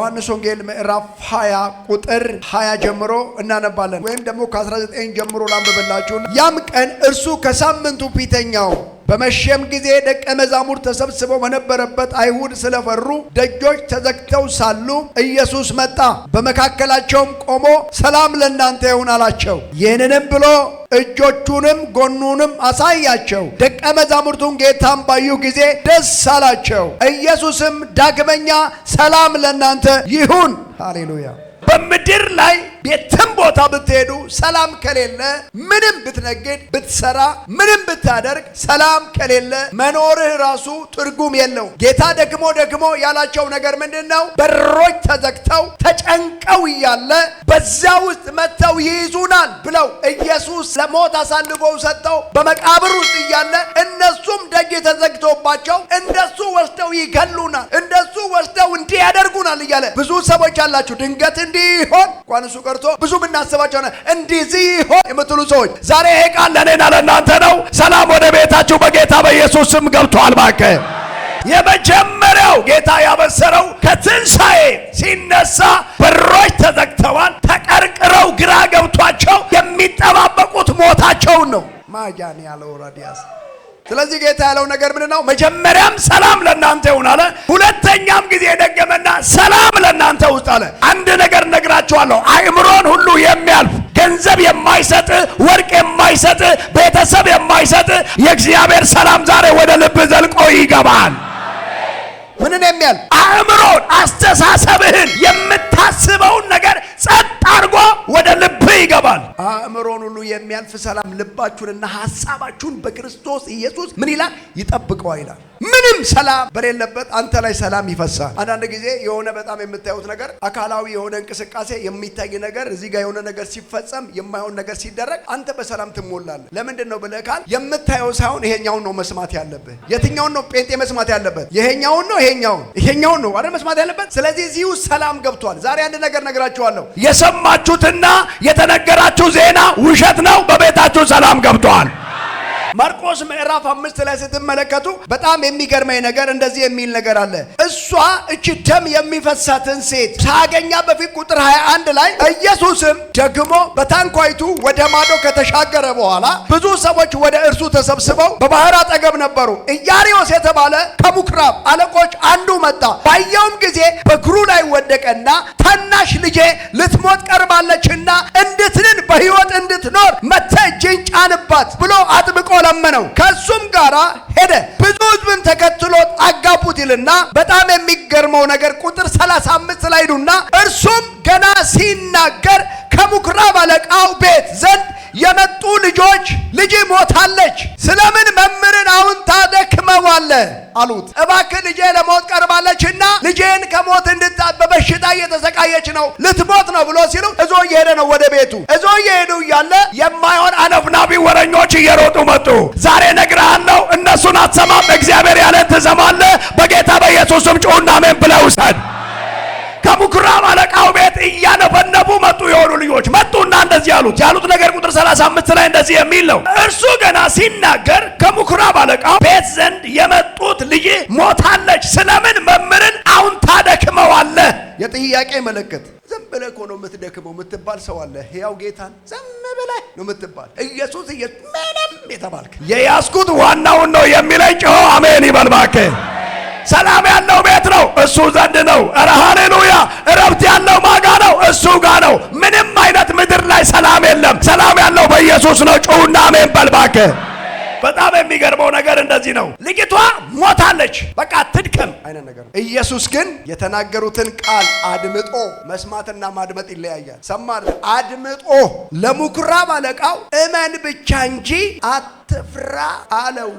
ዮሐንስ ወንጌል ምዕራፍ 20 ቁጥር 20 ጀምሮ እናነባለን። ወይም ደግሞ ከ19 ጀምሮ ላንብብላችሁና ያም ቀን እርሱ ከሳምንቱ ፊተኛው በመሸም ጊዜ ደቀ መዛሙር ተሰብስበው በነበረበት አይሁድ ስለፈሩ ደጆች ተዘግተው ሳሉ ኢየሱስ መጣ፣ በመካከላቸውም ቆሞ ሰላም ለእናንተ ይሁን አላቸው። ይህንንም ብሎ እጆቹንም ጎኑንም አሳያቸው። ደቀ መዛሙርቱን ጌታን ባዩ ጊዜ ደስ አላቸው። ኢየሱስም ዳግመኛ ሰላም ለእናንተ ይሁን፣ ሃሌሉያ በምድር ላይ ቤትም ቦታ ብትሄዱ ሰላም ከሌለ ምንም ብትነግድ፣ ብትሰራ፣ ምንም ብታደርግ ሰላም ከሌለ መኖርህ ራሱ ትርጉም የለው። ጌታ ደግሞ ደግሞ ያላቸው ነገር ምንድን ነው? በሮች ተዘግተው ተጨንቀው እያለ በዛ ውስጥ መጥተው ይይዙናል ብለው ኢየሱስ ለሞት አሳልፈው ሰጠው በመቃብር ውስጥ እያለ እነሱም ደጅ የተዘግቶባቸው እንደሱ ወስደው ይገሉናል፣ እንደሱ ወስደው እንዲህ ያደርጉናል እያለ ብዙ ሰዎች አላችሁ። ድንገት እንዲህ ይሆን እንኳን እሱ ቀርቶ ብዙ የምናስባቸው እንዲዚህ ሆን የምትሉ ሰዎች ዛሬ ይሄ ቃል ለእኔና ለእናንተ ነው። ሰላም ወደ ቤታችሁ በጌታ በኢየሱስ ስም ገብቷል። ባከ የመጀመሪያው ጌታ ያበሰረው ከትንሣኤ ሲነሳ በሮች ተዘግተዋል። ተቀርቅረው ግራ ገብቷቸው የሚጠባበቁት ሞታቸውን ነው። ማጃን ያለው ረዲያስ ስለዚህ ጌታ ያለው ነገር ምንድን ነው? መጀመሪያም ሰላም ለእናንተ ይሁን አለ። ሁለተኛም ጊዜ የደገመና ሰላም ለእናንተ ውስጥ አለ። አንድ ነገር ነግራችኋለሁ፣ አእምሮን ሁሉ የሚያልፍ ገንዘብ የማይሰጥ ወርቅ የማይሰጥ ቤተሰብ የማይሰጥ የእግዚአብሔር ሰላም ዛሬ ወደ ልብ ዘልቆ ይገባል። ምንን የሚያልፍ አእምሮን፣ አስተሳሰብህን፣ የምታስበውን ነገር ጸጥ ቀጥ አድርጎ ወደ ልብ ይገባል። አእምሮን ሁሉ የሚያልፍ ሰላም ልባችሁንና ሀሳባችሁን በክርስቶስ ኢየሱስ ምን ይላል ይጠብቀዋ ይላል። ምንም ሰላም በሌለበት አንተ ላይ ሰላም ይፈሳል። አንዳንድ ጊዜ የሆነ በጣም የምታዩት ነገር አካላዊ የሆነ እንቅስቃሴ የሚታይ ነገር እዚህ ጋር የሆነ ነገር ሲፈጸም የማይሆን ነገር ሲደረግ አንተ በሰላም ትሞላለህ። ለምንድን ነው ብለህ ካል የምታየው ሳይሆን ይሄኛውን ነው መስማት ያለብህ። የትኛውን ነው ጴንጤ መስማት ያለበት? ይሄኛውን ነው ይሄኛውን ይሄኛውን ነው አረ መስማት ያለበት። ስለዚህ እዚሁ ሰላም ገብቷል። ዛሬ አንድ ነገር ነግራችኋለሁ። የሰማችሁትና የተነገራችሁ ዜና ውሸት ነው። በቤታችሁ ሰላም ገብቷል። ማርቆስ ምዕራፍ አምስት ላይ ስትመለከቱ በጣም የሚገርመኝ ነገር እንደዚህ የሚል ነገር አለ። እሷ እች ደም የሚፈሳትን ሴት ሳገኛ በፊት ቁጥር 21 ላይ ኢየሱስም ደግሞ በታንኳይቱ ወደ ማዶ ከተሻገረ በኋላ ብዙ ሰዎች ወደ እርሱ ተሰብስበው በባህር አጠገብ ነበሩ። ኢያሪዎስ የተባለ ከምኵራብ አለቆች አንዱ መጣ። ባየውም ጊዜ በእግሩ ላይ ወደቀና ታናሽ ልጄ ልትሞት ቀርባለችና እንድትንን በሕይወት እንድትኖር መተ እጅህን ጫንባት ብሎ አጥብቆ ለመነው፣ ከሱም ጋራ ሄደ። ብዙ ህዝብን ተከትሎት አጋቡት ይልና በጣም የሚገርመው ነገር ቁጥር 35 ላይ ሄዱና እርሱም ገና ሲናገር ከምኵራብ አለቃው ቤት ዘንድ የመጡ ልጆች ልጅ ሞታለች፣ ስለምን መምህርን አሁን ታደክ ትታመሟለ አሉት። እባክህ ልጄ ለሞት ቀርባለችና ልጄን ከሞት እንድታ በበሽታ እየተሰቃየች ነው ልትሞት ነው ብሎ ሲሉ እዞ እየሄደ ነው ወደ ቤቱ። እዞ እየሄዱ እያለ የማይሆን አነፍናቢ ወረኞች እየሮጡ መጡ። ዛሬ ነግረሃን ነው እነሱን አትሰማም። እግዚአብሔር ያለ ትሰማለ። በጌታ በኢየሱስም ጩሁና አሜን ብለው ውሰድ። አለቃው ቤት እያነፈነፉ የሆኑ ልጆች መጡና እንደዚህ ያሉት ያሉት ነገር ቁጥር 35 ላይ እንደዚህ የሚል ነው። እርሱ ገና ሲናገር ከምኩራብ አለቃው ቤት ዘንድ የመጡት ልጅ ሞታለች፣ ስለምን መምህርን አሁን ታደክመዋለህ? የጥያቄ መለከት ዝም ብለህ እኮ ነው የምትደክመው የምትባል ሰው አለ። ሕያው ጌታን ዝም ብለህ ነው የምትባል። ኢየሱስ ኢየሱስ ምንም የተባልክ የያዝኩት ዋናውን ነው የሚለኝ ጮሆ አሜን ይበልባከ ሰላም ያለው ቤት ነው እሱ ዘንድ ነው። ኧረ ሃሌሉያ! እረፍት ያለው ማጋ ነው እሱ ጋ ነው። ላይ ሰላም የለም። ሰላም ያለው በኢየሱስ ነው። ጩውና አሜን በል እባክህ። በጣም የሚገርመው ነገር እንደዚህ ነው። ልጅቷ ሞታለች፣ በቃ ትድከም አይነት ነገር ነው። ኢየሱስ ግን የተናገሩትን ቃል አድምጦ፣ መስማትና ማድመጥ ይለያያል። ሰማን አድምጦ ለሙኩራ አለቃው እመን ብቻ እንጂ አትፍራ አለው።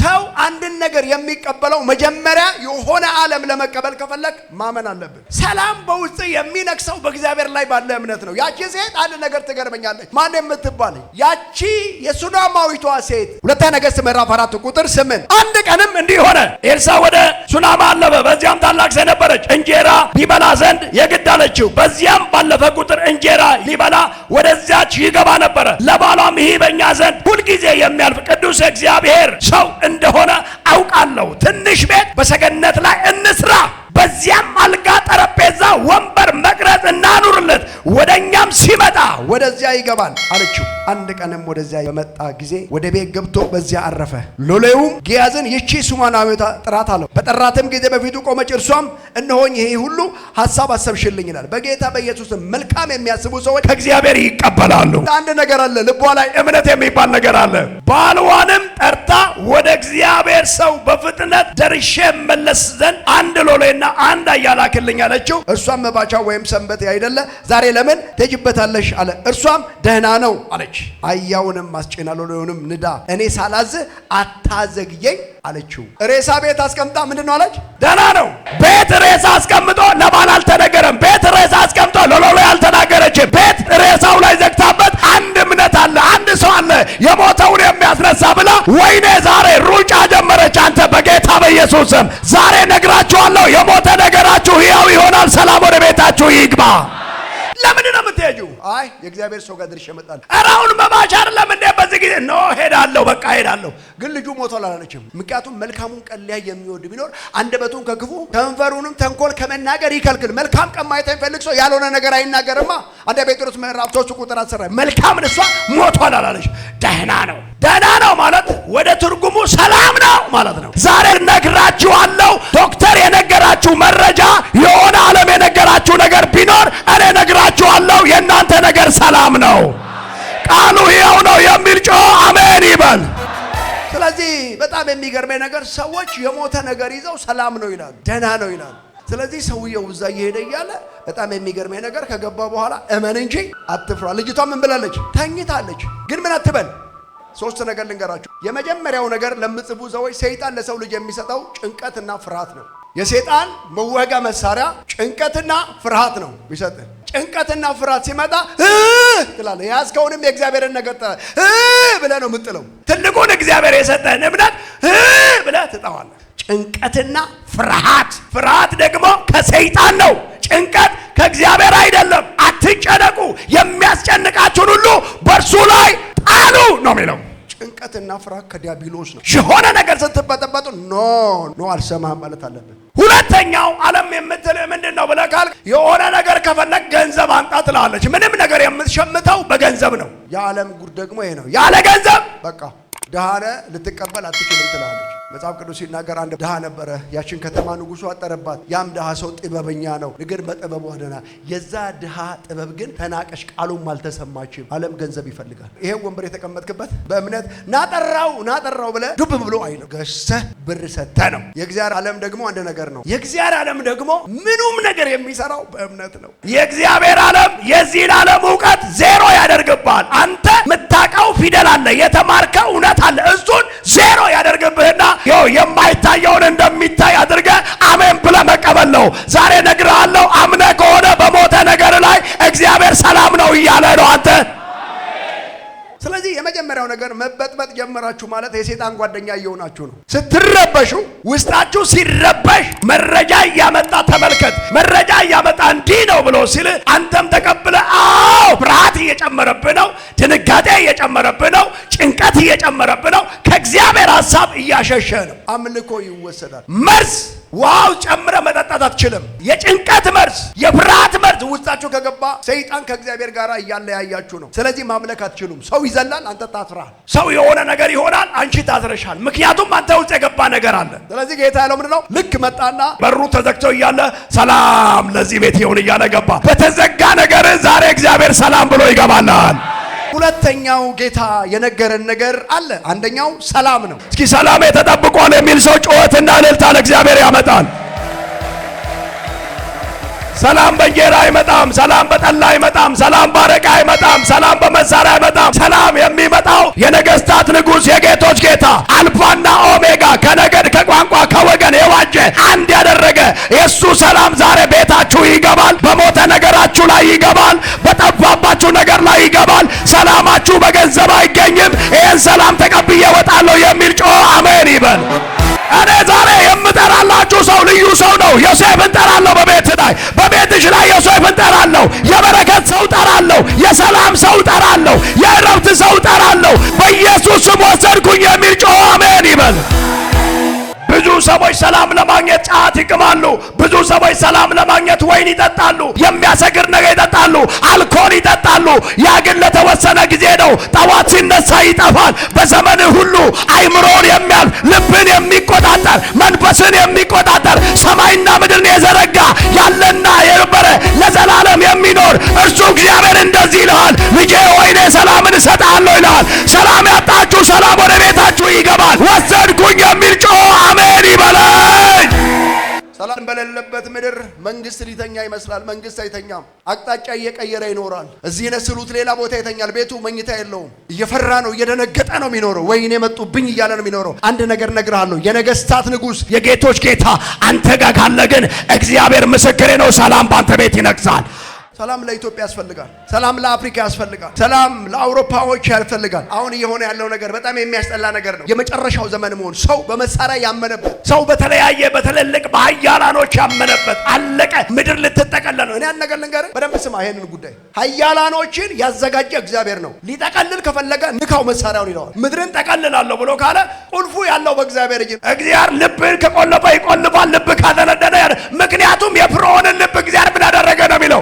ሰው አንድን ነገር የሚቀበለው መጀመሪያ የሆነ ዓለም ለመቀበል ከፈለግ ማመን አለብን። ሰላም በውስጥ የሚነግሰው በእግዚአብሔር ላይ ባለ እምነት ነው። ያቺ ሴት አንድ ነገር ትገርመኛለች። ማን የምትባል? ያቺ የሱናማዊቷ ሴት ሁለተ ነገሥት ምዕራፍ አራት ቁጥር ስምንት አንድ ቀንም እንዲህ ሆነ፣ ኤልሳ ወደ ሱናማ አለፈ። በዚያም ታላቅ ሴት ነበረች፣ እንጀራ ሊበላ ዘንድ የግድ አለችው። በዚያም ባለፈ ቁጥር እንጀራ ሊበላ ወደዚያች ይገባ ነበረ። ለባሏም ይህ በእኛ ዘንድ ሁልጊዜ የሚያልፍ ቅዱስ እግዚአብሔር ሰው እንደሆነ አውቃለሁ። ትንሽ ቤት በሰገነት ላይ እንስራ፣ በዚያም አልጋ፣ ጠረጴዛ፣ ወንበር፣ መቅረጽ እናኑርለት ወደኛ ሲመጣ ወደዚያ ይገባል አለችው። አንድ ቀንም ወደዚያ በመጣ ጊዜ ወደ ቤት ገብቶ በዚያ አረፈ። ሎሌውም ግያዝን ይቺ ሱማናዊት ጥራት አለው። በጠራትም ጊዜ በፊቱ ቆመች። እርሷም እነሆኝ ይሄ ሁሉ ሀሳብ አሰብሽልኝ ይላል። በጌታ በኢየሱስ መልካም የሚያስቡ ሰዎች ከእግዚአብሔር ይቀበላሉ። አንድ ነገር አለ፣ ልቧ ላይ እምነት የሚባል ነገር አለ። ባልዋንም ጠርታ ወደ እግዚአብሔር ሰው በፍጥነት ደርሼ መለስ ዘንድ አንድ ሎሌና አንድ አያላክልኝ አለችው። እርሷም መባቻ ወይም ሰንበት አይደለ ዛሬ ለምን ትሄጂበታለሽ አለ። እርሷም ደህና ነው አለች። አህያውንም አስጭናለሆንም ንዳ እኔ ሳላዝ አታዘግየኝ አለችው። ሬሳ ቤት አስቀምጣ ምንድን ነው አለች? ደህና ነው። ቤት ሬሳ አስቀምጦ ለባል አልተነገረም። ቤት ሬሳ አስቀምጦ ለሎሎ ያልተናገረችም። ቤት ሬሳው ላይ ዘግታበት አንድ እምነት አለ፣ አንድ ሰው አለ የሞተውን የሚያስነሳ ብላ ወይኔ ዛሬ ሩጫ ጀመረች። አንተ በጌታ በኢየሱስ ስም ዛሬ ነግራችኋለሁ፣ የሞተ ነገራችሁ ሕያው ይሆናል። ሰላም ወደ ቤታ ሄዱ። አይ የእግዚአብሔር ሰው ጋር ድርሽ እመጣለሁ። ኧረ አሁን መባቻ አይደለም እንዴ በዚህ ጊዜ ኖ ሄዳለሁ፣ በቃ ሄዳለሁ። ግን ልጁ ሞቷል አላለችም። ምክንያቱም መልካሙን ቀን ሊያይ የሚወድ ቢኖር አንደበቱን ከክፉ ከንፈሩንም ተንኮል ከመናገር ይከልክል። መልካም ቀን ማየት የሚፈልግ ሰው ያልሆነ ነገር አይናገርማ። አንደ ጴጥሮስ ምዕራፍ ሦስት ቁጥር አስራ መልካም እሷ ሞቷል አላለች። ደህና ነው ደህና ነው ማለት ወደ ትርጉሙ ሰላም ነው ማለት ነው። ዛሬ ነግራችኋለሁ ዶክተር በጣም የሚገርመኝ ነገር ሰዎች የሞተ ነገር ይዘው ሰላም ነው ይላሉ፣ ደህና ነው ይላሉ። ስለዚህ ሰውየው እዛ እየሄደ እያለ በጣም የሚገርመኝ ነገር ከገባ በኋላ እመን እንጂ አትፍራ። ልጅቷ ምን ብላለች? ተኝታለች። ግን ምን አትበል። ሶስት ነገር ልንገራችሁ። የመጀመሪያው ነገር ለምጽቡ ሰዎች ሰይጣን ለሰው ልጅ የሚሰጠው ጭንቀትና ፍርሃት ነው። የሰይጣን መዋጋ መሳሪያ ጭንቀትና ፍርሃት ነው የሚሰጥህ ጭንቀትና ፍርሃት ሲመጣ ትላለህ። ያዝከውንም የእግዚአብሔርን ነገር ጥለህ ብለህ ነው የምጥለው። ትልቁን እግዚአብሔር የሰጠህን እምነት ብለህ ትጠዋለህ። ጭንቀትና ፍርሃት፣ ፍርሃት ደግሞ ከሰይጣን ነው። ጭንቀት ከእግዚአብሔር አይደለም። አትጨነቁ፣ የሚያስጨንቃችሁን ሁሉ በእርሱ ላይ ጣሉ ነው የሚለው። ጭንቀትና ፍርሃት ከዲያብሎስ ነው። የሆነ ነገር ስትበጠበጡ ኖ ኖ አልሰማህም ማለት አለብን። ሁለተኛው ዓለም የምትል ምንድን ነው ብለህ ካልክ የሆነ ነገር ከፈለግ ገንዘብ አምጣ ትላለች። ምንም ነገር የምትሸምተው በገንዘብ ነው። የዓለም ጉድ ደግሞ ይሄ ነው። ያለ ገንዘብ በቃ ደሃነ ልትቀበል አትችልም ትላለች። መጽሐፍ ቅዱስ ሲናገር አንድ ድሃ ነበረ። ያችን ከተማ ንጉሱ አጠረባት። ያም ድሃ ሰው ጥበበኛ ነው፣ ነገር በጥበቡ አደና። የዛ ድሃ ጥበብ ግን ተናቀሽ፣ ቃሉም አልተሰማችም። ዓለም ገንዘብ ይፈልጋል። ይሄን ወንበር የተቀመጥክበት በእምነት ናጠራው ናጠራው ብለ ዱብ ብሎ አይልም። ገሰ ብር ሰተ ነው። የእግዚአብሔር ዓለም ደግሞ አንድ ነገር ነው። የእግዚአብሔር ዓለም ደግሞ ምኑም ነገር የሚሰራው በእምነት ነው። የእግዚአብሔር ዓለም የዚህን ዓለም እውቀት ዜሮ ያደርግብሃል። አንተ የምታውቀው ፊደል አለ፣ የተማርከው እውነት አለ፣ እሱን ዜሮ ያደርግብህና ይኸው የማይታየውን እንደሚታይ አድርገ አሜን ብለህ መቀበል ነው። ዛሬ እነግርሃለሁ፣ አምነ ከሆነ በሞተ ነገር ላይ እግዚአብሔር ሰላም ነው እያለ ነው አንተ የመጀመሪያው ነገር መበጥበጥ ጀመራችሁ ማለት የሴጣን ጓደኛ እየሆናችሁ ነው። ስትረበሹ፣ ውስጣችሁ ሲረበሽ መረጃ እያመጣ ተመልከት፣ መረጃ እያመጣ እንዲህ ነው ብሎ ሲል አንተም ተቀብለ አዎ፣ ፍርሃት እየጨመረብህ ነው፣ ድንጋጤ እየጨመረብህ ነው፣ ጭንቀት እየጨመረብህ ነው። ከእግዚአብሔር ሀሳብ እያሸሸ ነው። አምልኮ ይወሰዳል። መርዝ ዋው ጨምረ መጠጣት አትችልም። የጭንቀት መርዝ፣ የፍርሃት መርዝ ውስጣችሁ ከገባ ሰይጣን ከእግዚአብሔር ጋር እያለያያችሁ ነው። ስለዚህ ማምለክ አትችሉም። ሰው ይዘላል ይሆናል፣ አንተ ታስራል። ሰው የሆነ ነገር ይሆናል፣ አንቺ ታስረሻል። ምክንያቱም አንተ ውስጥ የገባ ነገር አለ። ስለዚህ ጌታ ያለው ምንድን ነው? ልክ መጣና በሩ ተዘግተው እያለ ሰላም ለዚህ ቤት ይሁን እያለ ገባ። በተዘጋ ነገር ዛሬ እግዚአብሔር ሰላም ብሎ ይገባልሃል። ሁለተኛው ጌታ የነገረን ነገር አለ። አንደኛው ሰላም ነው። እስኪ ሰላም ተጠብቋል የሚል ሰው ጩኸትና እልልታ ለእግዚአብሔር ያመጣል። ሰላም በእንጀራ አይመጣም። ሰላም በጠላ አይመጣም። ሰላም ባረቃ አይመጣም። ሰላም በመሳሪያ አይመጣም። ሰላም የሚመጣው የነገስታት ንጉስ የጌቶች ጌታ አልፋና ኦሜጋ ከነገድ ከቋንቋ ከወገን የዋጀ አንድ ያደረገ የእሱ ሰላም ዛሬ ቤታችሁ ይገባል። በሞተ ነገራችሁ ላይ ይገባል። በጠፋባችሁ ነገር ላይ ይገባል። ሰላማችሁ በገንዘብ አይገኝም። ይህን ሰላም ተቀብዬ እወጣለሁ የሚል ጮ አሜን ይበል። እኔ ዛሬ የምጠራላችሁ ሰው ልዩ ሰው ነው። ዮሴፍ እንጠራለሁ በህይወትሽ ላይ የሰይፍ እጠራለሁ። የበረከት ሰው እጠራለሁ። የሰላም ሰው እጠራለሁ። የእረፍት ሰው እጠራለሁ። በኢየሱስ ስም ወሰድኩኝ የሚል ጮኸ አሜን ይበል። ብዙ ሰዎች ሰላም ለማግኘት ጫት ይቅማሉ። ብዙ ሰዎች ሰላም ለማግኘት ወይን ይጠጣሉ፣ የሚያሰግር ነገር ይጠጣሉ፣ አልኮል ይጠጣሉ። ያ ግን ለተወሰነ ጊዜ ነው። ጠዋት ሲነሳ ይጠፋል። በዘመን ሁሉ አይምሮን የሚያል ልብን የሚቆጣጠር መንፈስን የሚቆጣጠር ሰማይና ምድርን የዘረጋ ያለና የነበረ ለዘላለም የሚኖር እርሱ እግዚአብሔር እንደዚህ ይልሃል፣ ልጄ ወይኔ ሰላምን እሰጥሃለሁ ይልሃል። ሰላም ያጣችሁ ሰላም ወደ ቤታችሁ ይገባል። ወሰድኩኝ የሚል ጮኸ ሰላም በሌለበት ምድር መንግስት ሊተኛ ይመስላል። መንግስት አይተኛም። አቅጣጫ እየቀየረ ይኖራል። እዚህ ነው ስሉት፣ ሌላ ቦታ ይተኛል። ቤቱ መኝታ የለውም። እየፈራ ነው፣ እየደነገጠ ነው የሚኖረው። ወይኔ መጡብኝ እያለ ነው የሚኖረው። አንድ ነገር ነግርሃለሁ፣ የነገስታት ንጉስ የጌቶች ጌታ አንተ ጋር ካለ ግን እግዚአብሔር ምስክሬ ነው፣ ሰላም በአንተ ቤት ይነግሳል። ሰላም ለኢትዮጵያ ያስፈልጋል። ሰላም ለአፍሪካ ያስፈልጋል። ሰላም ለአውሮፓዎች ያስፈልጋል። አሁን እየሆነ ያለው ነገር በጣም የሚያስጠላ ነገር ነው። የመጨረሻው ዘመን መሆን ሰው በመሳሪያ ያመነበት ሰው በተለያየ በትልልቅ በሀያላኖች ያመነበት አለቀ። ምድር ልትጠቀለል ነው። እኔ ያን ነገር ልንገርህ በደንብ ስማ። ይሄንን ጉዳይ ሀያላኖችን ያዘጋጀ እግዚአብሔር ነው። ሊጠቀልል ከፈለገ ንካው መሳሪያውን ይለዋል። ምድርን ጠቀልላለሁ ብሎ ካለ ቁልፉ ያለው በእግዚአብሔር እጅ። እግዚአብሔር ልብን ከቆለፈ ይቆልፋል። ልብ ካደነደነ ምክንያቱም የፍርዖንን ልብ እግዚአብሔር ምን አደረገ ነው የሚለው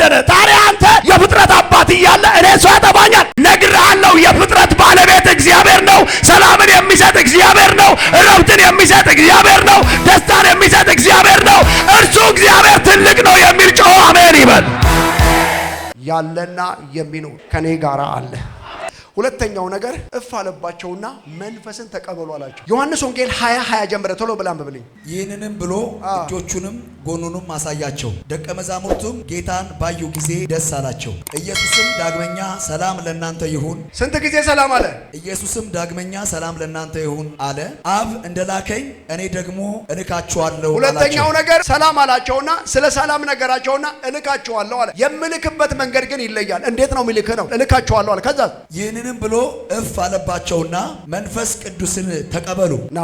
ተወደደ። ታዲያ አንተ የፍጥረት አባት እያለ እኔ ሰው ያጠፋኛል? ነግርሃለሁ። የፍጥረት ባለቤት እግዚአብሔር ነው። ሰላምን የሚሰጥ እግዚአብሔር ነው። እረፍትን የሚሰጥ እግዚአብሔር ነው። ደስታን የሚሰጥ እግዚአብሔር ነው። እርሱ እግዚአብሔር ትልቅ ነው የሚል ጮ አሜን ይበል። ያለና የሚኖር ከኔ ጋር አለ ሁለተኛው ነገር እፍ አለባቸውና መንፈስን ተቀበሉ አላቸው። ዮሐንስ ወንጌል 20 20 ጀምረ ቶሎ ብላን ብብልኝ። ይህንንም ብሎ እጆቹንም ጎኑንም አሳያቸው። ደቀ መዛሙርቱም ጌታን ባዩ ጊዜ ደስ አላቸው። ኢየሱስም ዳግመኛ ሰላም ለእናንተ ይሁን። ስንት ጊዜ ሰላም አለ? ኢየሱስም ዳግመኛ ሰላም ለእናንተ ይሁን አለ። አብ እንደላከኝ እኔ ደግሞ እልካችኋለሁ። ሁለተኛው ነገር ሰላም አላቸውና ስለ ሰላም ነገራቸውና እልካችኋለሁ አለ። የምልክበት መንገድ ግን ይለያል። እንዴት ነው የሚልክ ነው? እልካችኋለሁ አለ። ከዛ ይህን ይህንንም ብሎ እፍ አለባቸውና መንፈስ ቅዱስን ተቀበሉ ና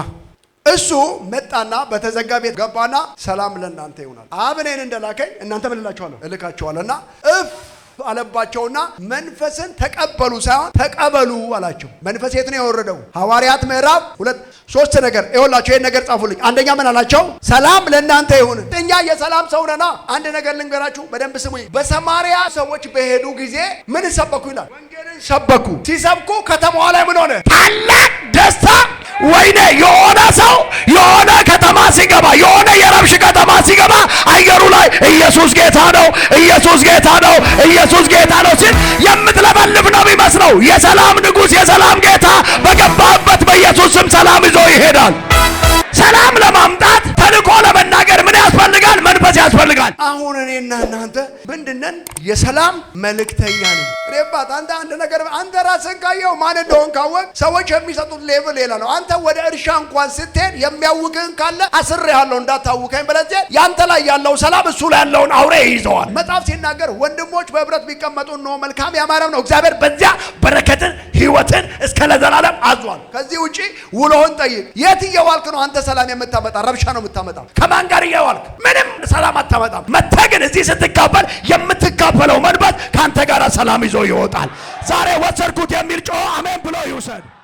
እሱ መጣና በተዘጋ ቤት ገባና ሰላም ለእናንተ ይሆናል አብ እኔን እንደላከኝ እናንተ ምን እላችኋለሁ እልካችኋለሁና እፍ አለባቸውና መንፈስን ተቀበሉ ሳይሆን ተቀበሉ አላቸው። መንፈስ የት ነው የወረደው? ሐዋርያት ምዕራፍ ሁለት ሶስት ነገር ይኸውላቸው፣ ይህን ነገር ጻፉልኝ። አንደኛ ምን አላቸው? ሰላም ለእናንተ ይሁን። እኛ የሰላም ሰው ነና። አንድ ነገር ልንገራችሁ፣ በደንብ ስሙ በሰማሪያ ሰዎች በሄዱ ጊዜ ምን ሰበኩ ይላል ሰበኩ። ሲሰብኩ ከተማዋ ላይ ምን ሆነ? ታላቅ ደስታ። ወይኔ የሆነ ሰው የሆነ ከተማ ሲገባ የሆነ የረብሽ ከተማ ሲገባ አየሩ ላይ ኢየሱስ ጌታ ነው፣ ኢየሱስ ጌታ ነው፣ ኢየሱስ ጌታ ነው ሲል የምትለበልብ ነው የሚመስለው። የሰላም ንጉሥ፣ የሰላም ጌታ በገባበት በኢየሱስ ስም ሰላም ይዞ ይሄዳል። ሰላም ይላል። አሁን እኔና እናንተ ምንድነን? የሰላም መልእክተኛ ነን። እኔባት አንተ አንድ ነገር አንተ ራስን ካየው ማን እንደሆን ካወቅ ሰዎች የሚሰጡት ሌቭል ሌላ ነው። አንተ ወደ እርሻ እንኳን ስትሄድ የሚያውቅህን ካለ አስር ያለው እንዳታውቀኝ ብለህ ያንተ ላይ ያለው ሰላም እሱ ላይ ያለውን አውሬ ይይዘዋል። መጽሐፍ ሲናገር ወንድሞች በህብረት ቢቀመጡ እነሆ መልካም ያማረም ነው። እግዚአብሔር በዚያ በረከትን ህይወትን እስከ ለዘላለም አዟል። ከዚህ ውጪ ውሎህን ጠይቅ። የት እየዋልክ ነው አንተ ሰላም የምታመጣ? ረብሻ ነው የምታመጣ። ከማን ጋር እየዋልክ ምንም ሰላም አታመጣ። አታጣም። መጥተህ ግን እዚህ ስትካፈል የምትካፈለው መንፈስ ከአንተ ጋር ሰላም ይዞ ይወጣል። ዛሬ ወሰድኩት የሚል ጮ አሜን ብሎ ይውሰድ።